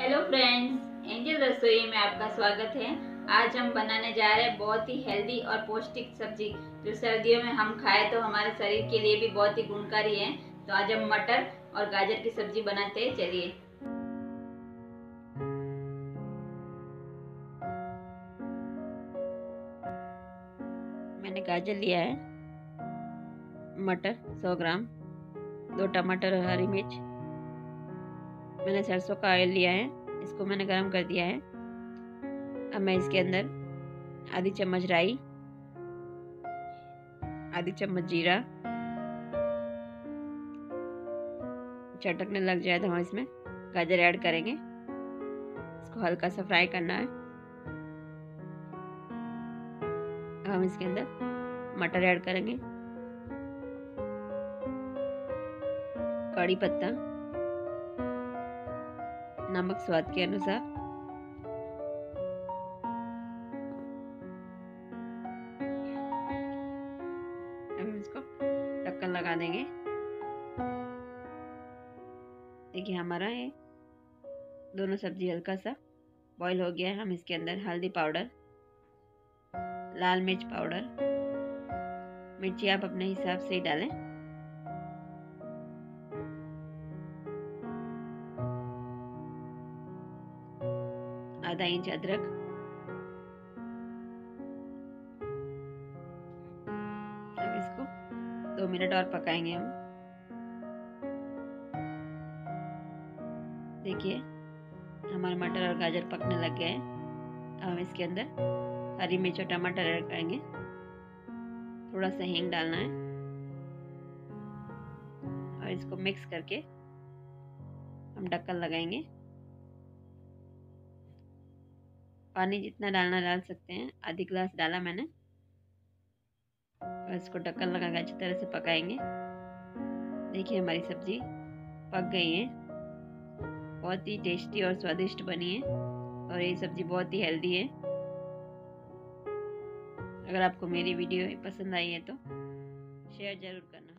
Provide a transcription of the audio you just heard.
hello friends Angel Rasoi में आपका स्वागत है आज हम बनाने जा रहे हैं बहुत ही हेल्दी और पौष्टिक सब्जी जो सर्दियों में हम खाए तो हमारे शरीर के लिए भी बहुत ही गुणकारी है तो आज हम मटर और गाजर की सब्जी बनाते हैं चलिए मैंने गाजर लिया है मटर 100 ग्राम दो टमाटर हरी मिर्च मैंने सरसों का ऑयल लिया है इसको मैंने गर्म कर दिया है अब मैं इसके अंदर आधी चम्मच राई आधी चम्मच जीरा चटकने लग जाए तो हम इसमें गाजर ऐड करेंगे इसको हल्का सा फ्राई करना है अब हम इसके अंदर मटर ऐड करेंगे कड़ी पत्ता नमक स्वाद के अनुसार ढक्कन लगा देंगे देखिए हमारा ये दोनों सब्जी हल्का सा बॉईल हो गया है हम इसके अंदर हल्दी पाउडर लाल मिर्च पाउडर मिर्ची आप अपने हिसाब से ही डालें आधा इंच अदरक अब इसको दो मिनट और पकाएंगे हम देखिए हमारे मटर और गाजर पकने लग गए हैं अब हम इसके अंदर हरी मिर्च और टमाटर ऐड करेंगे थोड़ा सा हींग डालना है और इसको मिक्स करके हम ढक्कन लगाएंगे पानी जितना डालना डाल सकते हैं आधी गिलास डाला मैंने और इसको ढक्कन लगाकर अच्छी तरह से पकाएंगे देखिए हमारी सब्जी पक गई है बहुत ही टेस्टी और स्वादिष्ट बनी है और ये सब्जी बहुत ही हेल्दी है अगर आपको मेरी वीडियो पसंद आई है तो शेयर ज़रूर करना